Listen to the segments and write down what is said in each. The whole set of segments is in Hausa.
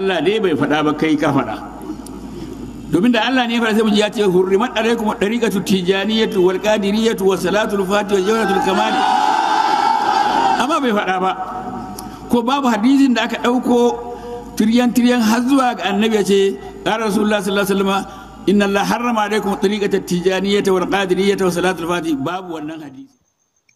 Allah dai bai faɗa ba kai ka faɗa domin da Allah ne faɗa sai mu ji ya ce hurrimat alaikum dariqatu tijaniyatu wal qadiriyatu was salatul fatiha wa jawratul kamal amma bai faɗa ba ko babu hadisin da aka ɗauko tiryan tiryan har zuwa ga annabi ya ce qala rasulullah sallallahu alaihi wasallam inna Allah harrama alaikum dariqatu tijaniyatu wal qadiriyatu was salatu, fatiha babu wannan hadisi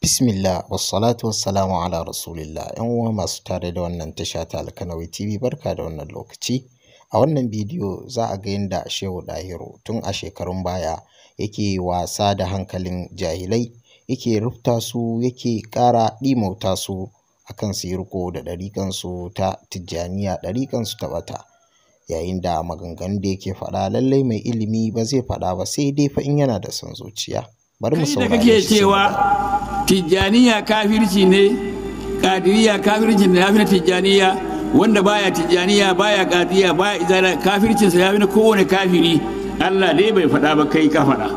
Bismillah wassalatu wassalamu ala rasulillah ‘yan uwa masu tare da wannan tasha ta Alkanawi TV barka da wannan lokaci. A wannan bidiyo za a ga yadda Shehu Dahiru tun a shekarun baya yake wasa da hankalin jahilai yake rufta su yake ƙara ɗimauta su akan su yi riko da ɗariƙansu ta Tijjaniya ɗariƙansu ta bata Yayin da maganganun da yake faɗa lallai mai ilimi ba zai faɗa ba sai dai fa in yana da son zuciya. Bari mu saurare shi. tijjaniya kafirci ne kadiriya kafirci ne yafi na tijjaniya wanda baya tijjaniya baya kadiriya baya kafircin kafircinsa yafi na kowane kafiri Allah dai bai faɗa ba kai ka faɗa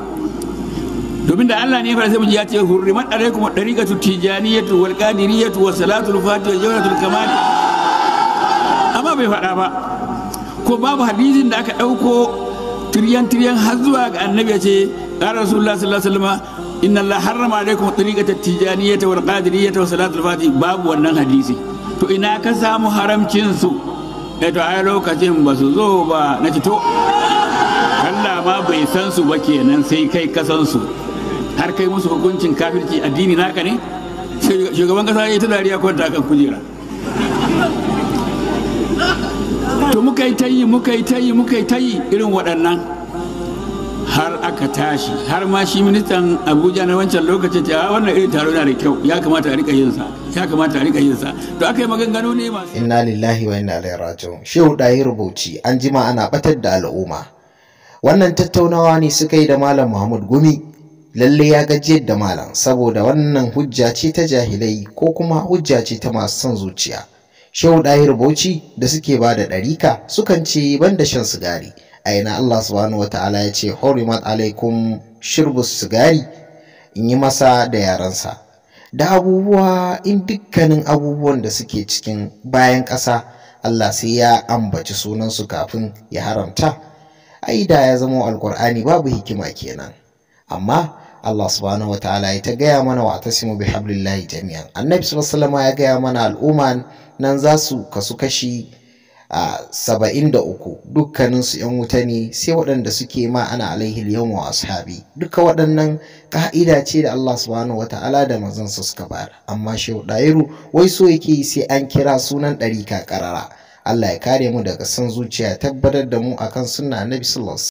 domin da Allah ne fara sai mun ya ce hurriman alaikum dariqatu tijjaniyatu wal qadiriyatu was salatul fatiha jawratul kamal amma bai faɗa ba ko babu hadisin da aka ɗauko tiriyan tiriyan har zuwa ga annabi ya ce ya rasulullahi sallallahu alaihi wasallam inna Allah harrama alaikum tariqata tijaniyata wal qadiriyata wa salatul fatih babu wannan hadisi to ina ka samu haramcin su eh to ai lokacin ba su zo ba na to Allah ma bai sansu ba kenan sai kai ka san su har kai musu hukuncin kafirci addini naka ne shugaban kasa ya ta dariya kwanta kan kujera to muka yi tayi muka yi tayi muka yi tayi irin waɗannan har aka tashi har ma shi ministan abuja na wancan lokacin ta ah, wannan irin taro na da kyau ya kamata a rika yin sa ya kamata a rika yin sa to aka yi maganganu ne masu inna lillahi wa inna ilaihi raji'un shehu dayi rubuci an jima ana batar da al'umma wannan tattaunawa ne suka yi da malam mahmud gumi lalle ya gajiyar da malam saboda wannan hujja ce ta jahilai ko kuma hujja ce ta masu son zuciya shehu dayi rubuci da suke ba da ɗarika sukan ce ban da shan sigari a ina Allah subhanahu ta'ala ya ce hurimat alaikum shirbus sigari in yi masa da yarensa da abubuwa in dukkanin abubuwan da suke cikin bayan ƙasa Allah sai ya ambaci sunansu kafin ya haramta ai da ya zama alkur'ani babu hikima kenan amma Allah subhanahu ta'ala ya ta gaya mana wa tasimu bi jami'an annabi sallallahu alaihi ya gaya mana al'umma nan za su kasu kashi a saba'in da uku dukkaninsu ‘yan wuta ne sai waɗanda suke ma ana alaihi yawon wa ashabi duka waɗannan ƙa'ida ce da Allah subhanahu wa ta'ala da su suka bayar amma shehu ɗayiru wai so yake sai an kira sunan ɗari ka ƙarara Allah ya kare mu daga san zuciya tabbatar da mu akan sunna annabi sallallahu